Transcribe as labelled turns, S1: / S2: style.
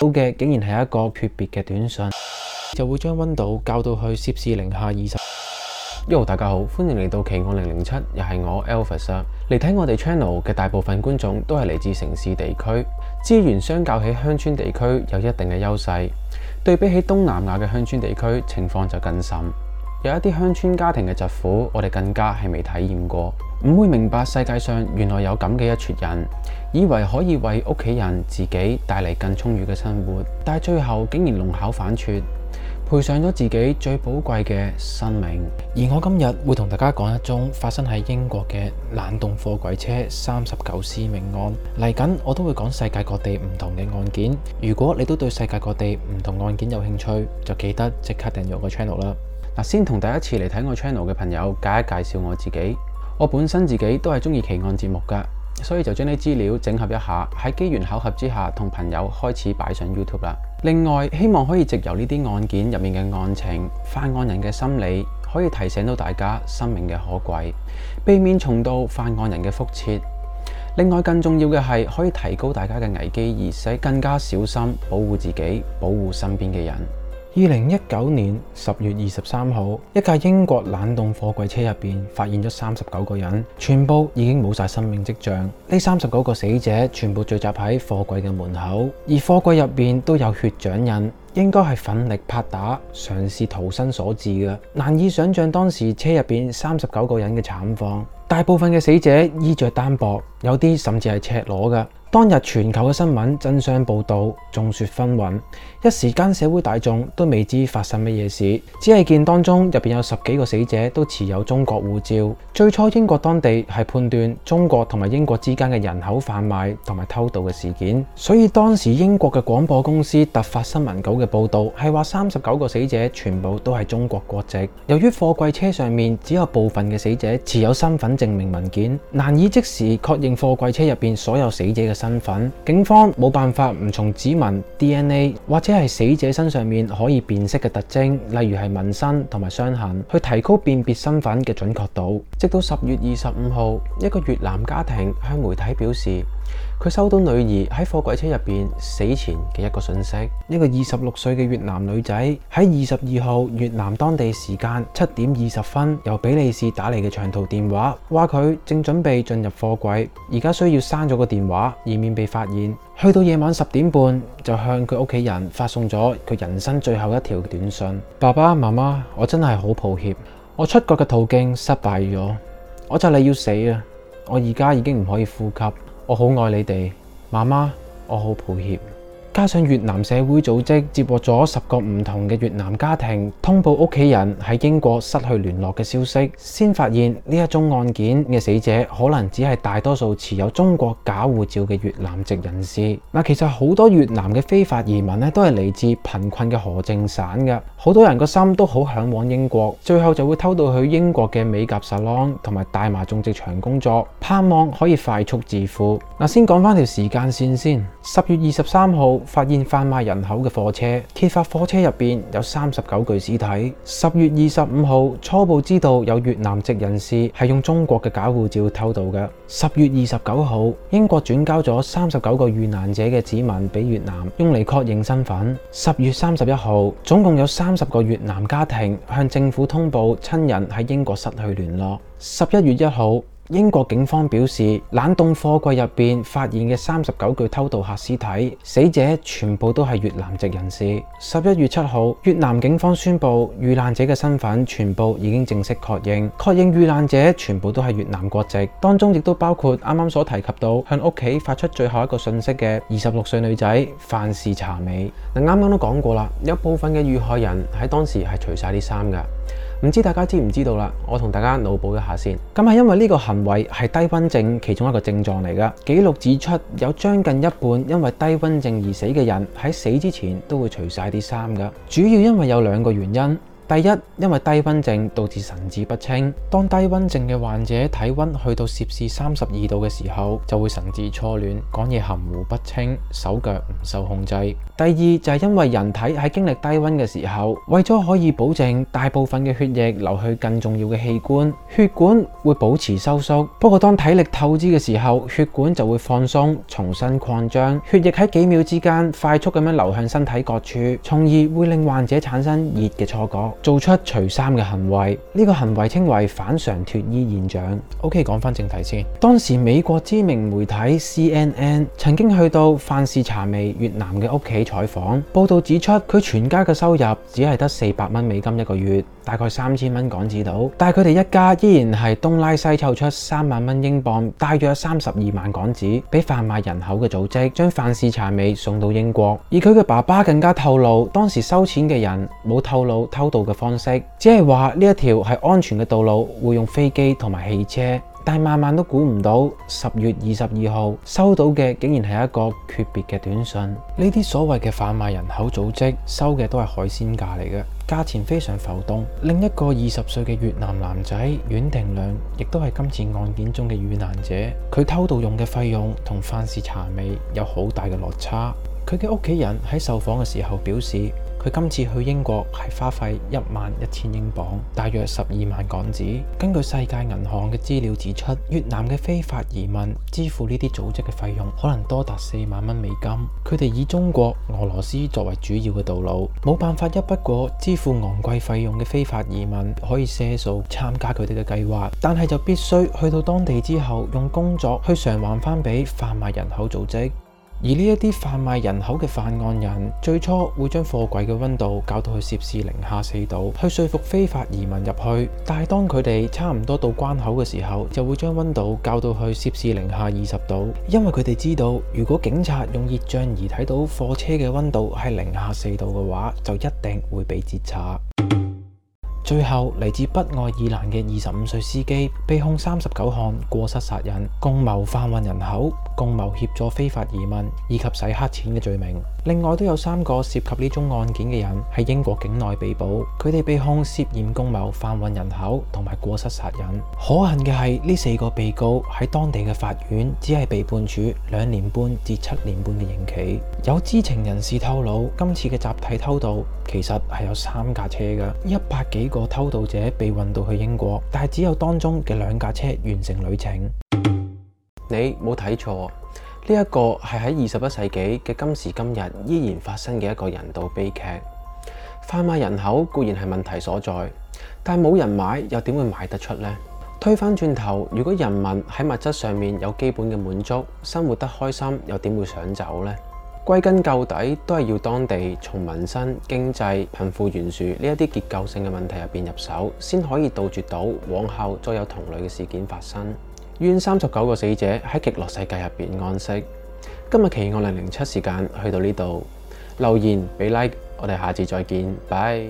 S1: 到嘅，竟然係一個訣別嘅短信，就會將溫度校到去攝氏零下二十。Yo，大家好，歡迎嚟到奇7，《奇案零零七》，又係我 Alfa。嚟睇我哋 channel 嘅大部分觀眾都係嚟自城市地區，資源相較起鄉村地區有一定嘅優勢。對比起東南亞嘅鄉村地區情況就更甚，有一啲鄉村家庭嘅疾苦，我哋更加係未體驗過。唔會明白世界上原來有咁嘅一撮人，以為可以為屋企人自己帶嚟更充裕嘅生活，但係最後竟然弄巧反拙，賠上咗自己最寶貴嘅生命。而我今日會同大家講一宗發生喺英國嘅冷凍貨櫃車三十九屍命案。嚟緊我都會講世界各地唔同嘅案件。如果你都對世界各地唔同案件有興趣，就記得即刻訂閱個 channel 啦。嗱，先同第一次嚟睇我 channel 嘅朋友介一介紹我自己。我本身自己都係中意奇案節目噶，所以就將啲資料整合一下，喺機緣巧合之下同朋友開始擺上 YouTube 啦。另外，希望可以藉由呢啲案件入面嘅案情、犯案人嘅心理，可以提醒到大家生命嘅可貴，避免重蹈犯案人嘅覆轍。另外，更重要嘅係可以提高大家嘅危機意識，而更加小心保護自己、保護身邊嘅人。二零一九年十月二十三號，一架英國冷凍貨櫃車入邊發現咗三十九個人，全部已經冇晒生命跡象。呢三十九個死者全部聚集喺貨櫃嘅門口，而貨櫃入邊都有血掌印，應該係奮力拍打、嘗試逃生所致嘅。難以想象當時車入邊三十九個人嘅慘況。大部分嘅死者衣着單薄，有啲甚至係赤裸㗎。當日全球嘅新聞真相報道眾說紛紜，一時間社會大眾都未知發生乜嘢事，只係見當中入邊有十幾個死者都持有中國護照。最初英國當地係判斷中國同埋英國之間嘅人口販賣同埋偷渡嘅事件，所以當時英國嘅廣播公司突發新聞稿嘅報道係話三十九個死者全部都係中國國籍。由於貨櫃車上面只有部分嘅死者持有身份證明文件，難以即時確認貨櫃車入邊所有死者嘅身份，警方冇辦法唔從指紋、DNA 或者係死者身上面可以辨識嘅特徵，例如係紋身同埋傷痕，去提高辨別身份嘅準確度。直到十月二十五號，一個越南家庭向媒體表示，佢收到女兒喺貨櫃車入邊死前嘅一個信息，呢個二十六歲嘅越南女仔喺二十二號越南當地時間七點二十分由比利時打嚟嘅長途電話，話佢正準備進入貨櫃，而家需要刪咗個電話，以免被發現。去到夜晚十點半就向佢屋企人發送咗佢人生最後一條短信：「爸爸媽媽，我真係好抱歉，我出國嘅途徑失敗咗，我就嚟要死啊！我而家已經唔可以呼吸。我好愛你哋，媽媽，我好抱歉。加上越南社會組織接獲咗十個唔同嘅越南家庭通報，屋企人喺英國失去聯絡嘅消息，先發現呢一宗案件嘅死者可能只係大多數持有中國假護照嘅越南籍人士。嗱，其實好多越南嘅非法移民咧都係嚟自貧困嘅河靜省嘅。好多人個心都好向往英國，最後就會偷到去英國嘅美甲 salon 同埋大麻種植場工作，盼望可以快速致富。嗱，先講翻條時間線先。十月二十三號發現販賣人口嘅貨車，揭發貨車入邊有三十九具屍體。十月二十五號初步知道有越南籍人士係用中國嘅假護照偷到嘅。十月二十九號，英國轉交咗三十九個遇難者嘅指紋俾越南，用嚟確認身份。十月三十一號，總共有三十個越南家庭向政府通報親人喺英國失去聯絡。十一月一號。英國警方表示，冷凍貨櫃入邊發現嘅三十九具偷渡客屍體，死者全部都係越南籍人士。十一月七號，越南警方宣佈遇難者嘅身份全部已經正式確認，確認遇難者全部都係越南國籍，當中亦都包括啱啱所提及到向屋企發出最後一個信息嘅二十六歲女仔范氏查美。嗱，啱啱都講過啦，有部分嘅遇害人喺當時係除晒啲衫噶。唔知大家知唔知道啦？我同大家腦補一下先。咁係因為呢個行為係低溫症其中一個症狀嚟噶。記錄指出，有將近一半因為低溫症而死嘅人喺死之前都會除晒啲衫噶，主要因為有兩個原因。第一，因為低溫症導致神志不清。當低溫症嘅患者體溫去到攝氏三十二度嘅時候，就會神志錯亂，講嘢含糊不清，手腳唔受控制。第二就係因為人體喺經歷低溫嘅時候，為咗可以保證大部分嘅血液流去更重要嘅器官，血管會保持收縮。不過當體力透支嘅時候，血管就會放鬆，重新擴張，血液喺幾秒之間快速咁樣流向身體各處，從而會令患者產生熱嘅錯覺。做出除衫嘅行為，呢個行為稱為反常脫衣現象。OK，講翻正題先。當時美國知名媒體 CNN 曾經去到范士查美越南嘅屋企採訪，報導指出佢全家嘅收入只係得四百蚊美金一個月，大概三千蚊港紙度。但係佢哋一家依然係東拉西湊出三萬蚊英鎊，大約三十二萬港紙，俾販賣人口嘅組織將范士查美送到英國。而佢嘅爸爸更加透露，當時收錢嘅人冇透露偷渡。嘅方式，只係話呢一條係安全嘅道路，會用飛機同埋汽車，但係萬萬都估唔到十月二十二號收到嘅竟然係一個訣別嘅短信。呢啲所謂嘅販賣人口組織收嘅都係海鮮價嚟嘅，價錢非常浮動。另一個二十歲嘅越南男仔阮廷亮，亦都係今次案件中嘅遇難者。佢偷渡用嘅費用同犯事查尾有好大嘅落差。佢嘅屋企人喺受訪嘅時候表示。今次去英國係花費一萬一千英鎊，大約十二萬港紙。根據世界銀行嘅資料指出，越南嘅非法移民支付呢啲組織嘅費用，可能多達四萬蚊美金。佢哋以中國、俄羅斯作為主要嘅道路，冇辦法一筆過支付昂貴費用嘅非法移民，可以賒數參加佢哋嘅計劃，但係就必須去到當地之後，用工作去償還翻俾販賣人口組織。而呢一啲販賣人口嘅犯案人，最初會將貨櫃嘅溫度較到去攝氏零下四度，去說服非法移民入去。但係當佢哋差唔多到關口嘅時候，就會將溫度較到去攝氏零下二十度，因為佢哋知道，如果警察用熱像儀睇到貨車嘅溫度係零下四度嘅話，就一定會被截查。 最後，嚟自北愛爾蘭嘅二十五歲司機被控三十九項過失殺人、共謀販運人口。共謀協助非法移民以及洗黑錢嘅罪名。另外都有三個涉及呢宗案件嘅人喺英國境內被捕，佢哋被控涉嫌共謀販運人口同埋過失殺人。可恨嘅係呢四個被告喺當地嘅法院只係被判處兩年半至七年半嘅刑期。有知情人士透露，今次嘅集體偷渡其實係有三架車嘅，一百幾個偷渡者被運到去英國，但係只有當中嘅兩架車完成旅程。你冇睇錯，呢一個係喺二十一世紀嘅今時今日依然發生嘅一個人道悲劇。販賣人口固然係問題所在，但冇人買又點會買得出呢？推翻轉頭，如果人民喺物質上面有基本嘅滿足，生活得開心，又點會想走呢？歸根究底，都係要當地從民生、經濟、貧富懸殊呢一啲結構性嘅問題入邊入手，先可以杜絕到往後再有同類嘅事件發生。願三十九個死者喺極樂世界入邊安息。今日《奇案零零七》時間去到呢度，留言俾 like，我哋下次再見，拜。